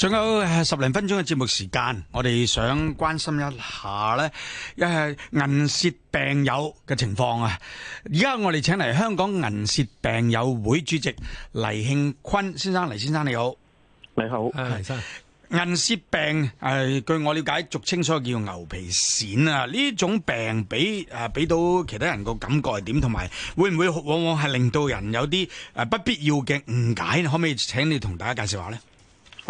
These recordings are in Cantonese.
仲有十零分鐘嘅節目時間，我哋想關心一下咧，一係銀屑病友嘅情況啊！而家我哋請嚟香港銀屑病友會主席黎慶坤先生，黎先生你好，你好，黎生。銀屑病誒，據我了解，俗稱所謂叫牛皮癬啊，呢種病俾誒俾到其他人個感覺係點，同埋會唔會往往係令到人有啲誒不必要嘅誤解？可唔可以請你同大家介紹下呢？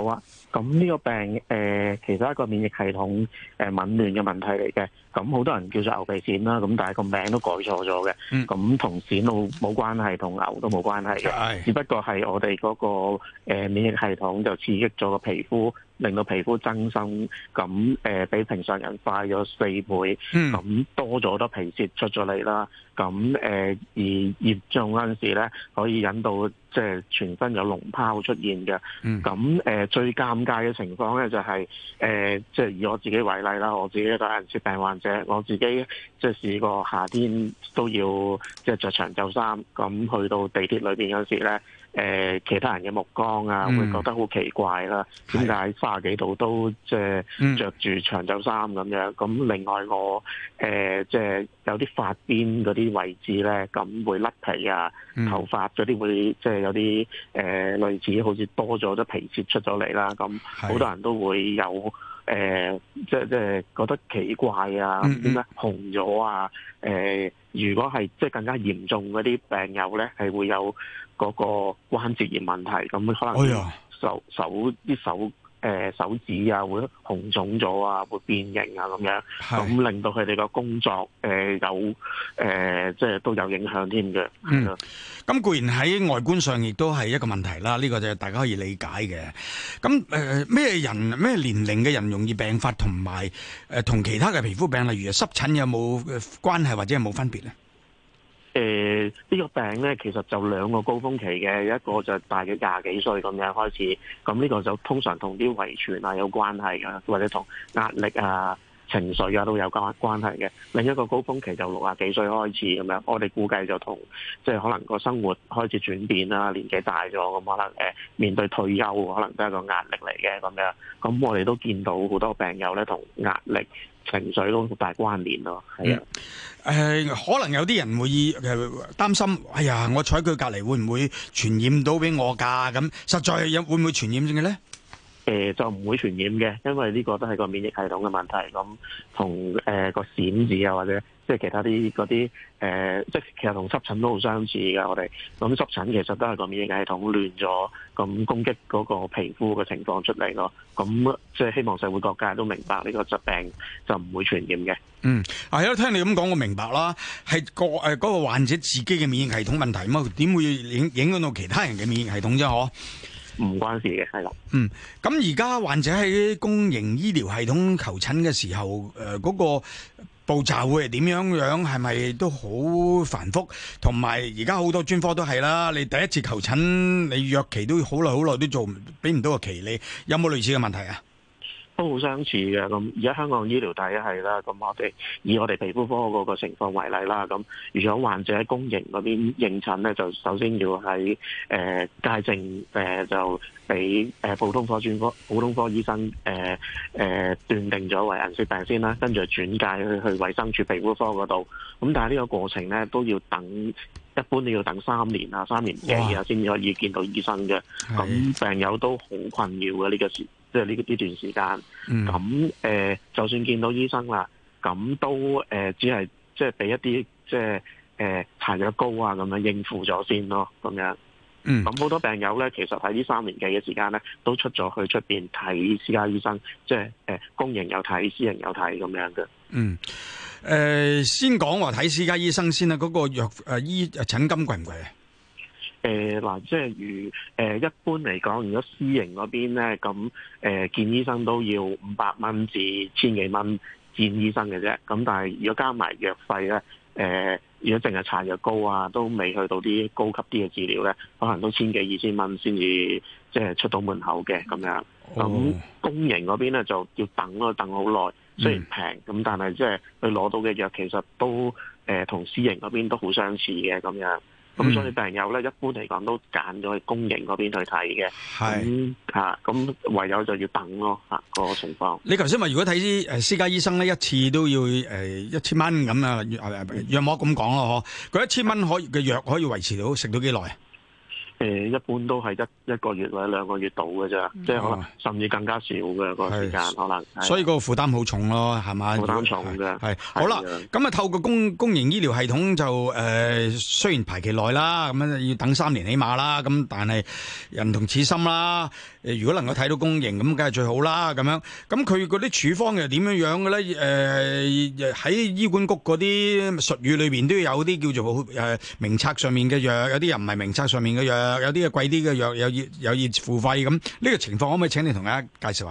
好啊，咁呢個病誒、呃，其實係一個免疫系統誒紊亂嘅問題嚟嘅，咁好多人叫做牛皮癬啦，咁但係個名都改錯咗嘅，咁同癬冇冇關係，同牛都冇關係，哎，只不過係我哋嗰、嗰個誒、呃、免疫系統就刺激咗個皮膚。令到皮膚增生，咁、呃、誒比平常人快咗四倍，咁、嗯、多咗好多皮屑出咗嚟啦。咁、呃、誒而嚴重嗰陣時咧，可以引到即係全身有膿泡出現嘅。咁、嗯、誒、呃、最尷尬嘅情況咧就係誒即係以我自己為例啦，我自己一個銀屑病患者，我自己即係試過夏天都要即係著長袖衫，咁去到地鐵裏面嗰時咧。誒、呃、其他人嘅目光啊，嗯、會覺得好奇怪啦、啊。點解卅幾度都即係着住長袖衫咁樣？咁、嗯、另外我誒、呃、即係有啲髮邊嗰啲位置咧，咁會甩皮啊，嗯、頭髮嗰啲會即係有啲誒、呃、類似好似多咗啲皮屑出咗嚟啦。咁好多人都會有。誒、呃，即係即係覺得奇怪啊，點解紅咗啊？誒、呃，如果係即係更加嚴重啲病友咧，係會有個關節炎問題，咁可能手手啲、oh yeah. 手。手手誒、呃，手指啊，會紅腫咗啊，會變形啊，咁樣咁令到佢哋個工作誒有誒，即係都有影響添嘅。嗯，咁固然喺外觀上亦都係一個問題啦，呢、這個就大家可以理解嘅。咁誒，呃、咩人咩年齡嘅人容易病發，同埋誒同其他嘅皮膚病例如濕疹有冇關係或者有冇分別咧？誒、呃，呢、這個病咧，其實就兩個高峰期嘅，一個就大約廿幾歲咁樣開始，咁呢個就通常同啲遺傳啊有關係，或者同壓力啊、情緒啊都有關關係嘅。另一個高峰期就六廿幾歲開始咁樣，我哋估計就同即係可能個生活開始轉變啦，年紀大咗咁可能誒、呃、面對退休可能都係個壓力嚟嘅咁樣。咁我哋都見到好多病友咧，同壓力。情緒都好大關聯咯，係啊。誒、啊嗯呃，可能有啲人會誒、呃、擔心，哎呀，我坐佢隔離會唔會傳染到俾我㗎、啊？咁實在有會唔會傳染嘅咧？誒、呃，就唔會傳染嘅，因為呢個都係個免疫系統嘅問題，咁同誒個閃子啊或者。即係其他啲嗰啲誒，即係其實同濕疹都好相似㗎。我哋咁濕疹其實都係個免疫系統亂咗，咁攻擊嗰個皮膚嘅情況出嚟咯。咁即係希望社會各界都明白呢個疾病就唔會傳染嘅。嗯，啊，聽你咁講，我明白啦。係個誒嗰、呃嗰個、患者自己嘅免疫系統問題嘛，點會影影響到其他人嘅免疫系統啫？嗬？唔關事嘅，係啦。嗯，咁而家患者喺公營醫療系統求診嘅時候，誒、呃、嗰、嗰個。步驟會係點樣樣？係咪都好繁複？同埋而家好多專科都係啦。你第一次求診，你約期都好耐，好耐都做，俾唔到個期你。有冇類似嘅問題啊？都好相似嘅咁，而家香港醫療第一係啦，咁我哋以我哋皮膚科嗰個情況為例啦，咁如果患者喺公營嗰邊認診咧，就首先要喺誒街症誒就俾誒、呃、普通科專科普通科醫生誒誒、呃呃、斷定咗為銀屑病先啦，跟住轉介去去衞生署皮膚科嗰度。咁但係呢個過程咧都要等，一般都要等三年啊，三年幾啊先至可以見到醫生嘅。咁病友都好困擾嘅呢、這個事。即係呢呢段時間，咁誒、嗯呃，就算見到醫生啦，咁都誒、呃，只係即係俾一啲即係誒痰嘅高搽藥膏啊咁樣應付咗先咯，咁樣。嗯，咁好多病友咧，其實喺呢三年幾嘅時間咧，都出咗去出邊睇私家醫生，即係誒、呃、公營有睇，私人有睇咁樣嘅。嗯，誒、呃、先講話睇私家醫生先啦，嗰、那個藥誒、呃、醫診金貴唔貴？誒、呃，嗱、呃，即係如誒、呃，一般嚟講，如果私營嗰邊咧，咁誒、呃，見醫生都要五百蚊至千幾蚊見醫生嘅啫。咁但係如果加埋藥費咧，誒、呃，如果淨係搽藥膏啊，都未去到啲高級啲嘅治療咧，可能都千幾二千蚊先至即係出到門口嘅咁樣。咁、嗯、公營嗰邊咧，就要等咯，等好耐。雖然平，咁、嗯、但係即係佢攞到嘅藥其實都誒同私營嗰邊都好相似嘅咁樣。咁、嗯、所以病友咧，一般嚟講都揀咗去公營嗰邊去睇嘅，咁咁、嗯、唯有就要等咯、啊、嚇、個情況。你頭先話如果睇啲誒私家醫生咧，一次都要、呃、一千蚊咁啊，藥藥物咁講咯，佢一千蚊可以嘅藥可以維持到食到幾耐？誒、嗯、一般都係一一個月或者兩個月到嘅啫，即係可能甚至更加少嘅、那個時間，可能。所以個負擔好重咯、啊，係咪、啊？負擔重㗎，係。好啦，咁啊透過公公營醫療系統就誒、呃，雖然排期耐啦，咁樣要等三年起碼啦，咁但係人同此心啦。誒，如果能夠睇到公營咁，梗係最好啦。咁樣，咁佢嗰啲處方又點樣樣嘅咧？誒、呃，喺醫管局嗰啲術語裏邊都有啲叫做誒名冊上面嘅藥，有啲又唔係名冊上面嘅藥，有啲貴啲嘅藥，又要又要付費。咁呢個情況可唔可以請你同大家介紹下？誒、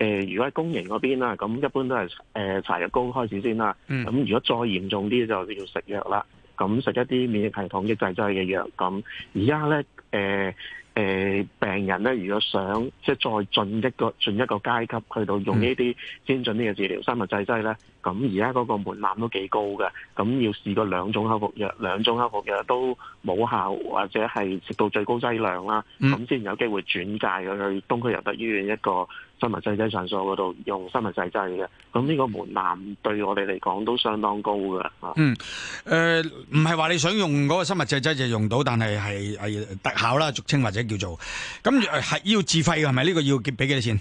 呃，如果喺公營嗰邊啦，咁一般都係誒搽藥膏開始先啦。咁、嗯、如果再嚴重啲，就叫做食藥啦。咁食一啲免疫系統抑制劑嘅藥。咁而家咧，誒、呃。誒病人咧，如果想即係再進一個進一個階級，去到用呢啲先進啲嘅治療生物製劑咧。咁而家嗰個門檻都幾高嘅，咁要試過兩種口服藥、兩種口服藥都冇效，或者係食到最高劑量啦，咁先有機會轉介佢去東區尤德醫院一個生物製劑診所嗰度用生物製劑嘅。咁呢個門檻對我哋嚟講都相當高嘅。嗯，誒、呃，唔係話你想用嗰個生物製劑就用到，但係係係特效啦，俗稱或者叫做咁係、呃、要自費嘅，係咪呢個要俾幾多錢？誒、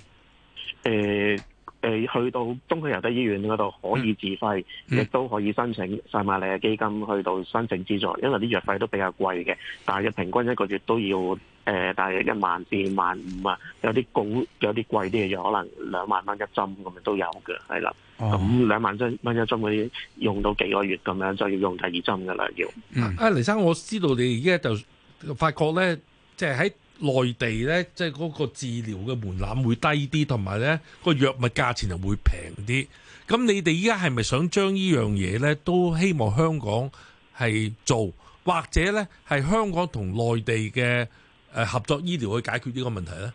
呃。誒去到東區尤德醫院嗰度可以自費，亦、嗯、都、嗯、可以申請撒瑪利亞基金去到申請資助，因為啲藥費都比較貴嘅，大概平均一個月都要誒、呃，大概一萬至萬五啊，有啲高，有啲貴啲嘅藥可能兩萬蚊一針咁樣都有嘅，係啦。咁、哦、兩萬蚊一針嗰用到幾個月咁樣，就要用第二針嘅啦，要、嗯。啊，黎生，我知道你而家就發覺咧，即係喺內地呢，即係嗰個治療嘅門檻會低啲，同埋呢個藥物價錢就會平啲。咁你哋依家係咪想將呢樣嘢呢？都希望香港係做，或者呢係香港同內地嘅誒合作醫療去解決呢個問題呢？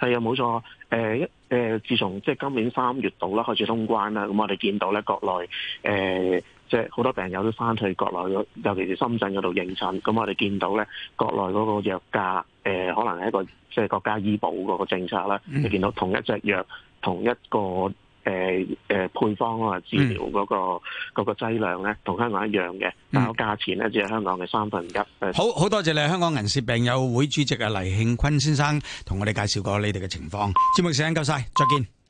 係啊，冇錯。誒，自從即係今年三月度啦，開始通關啦，咁我哋見到咧國內誒，即係、呃、好多病友都翻去國內，尤其是深圳嗰度應診。咁我哋見到咧國內嗰個藥價，呃、可能係一個即係國家醫保嗰個政策啦，你見到同一隻藥，同一個、呃配方啊，治療嗰個嗰個劑量咧，同香港一樣嘅，但係個價錢咧只係香港嘅三分一。好好多謝你，香港銀屑病友會主席啊黎慶坤先生同我哋介紹過你哋嘅情況。節目時間夠晒，再見。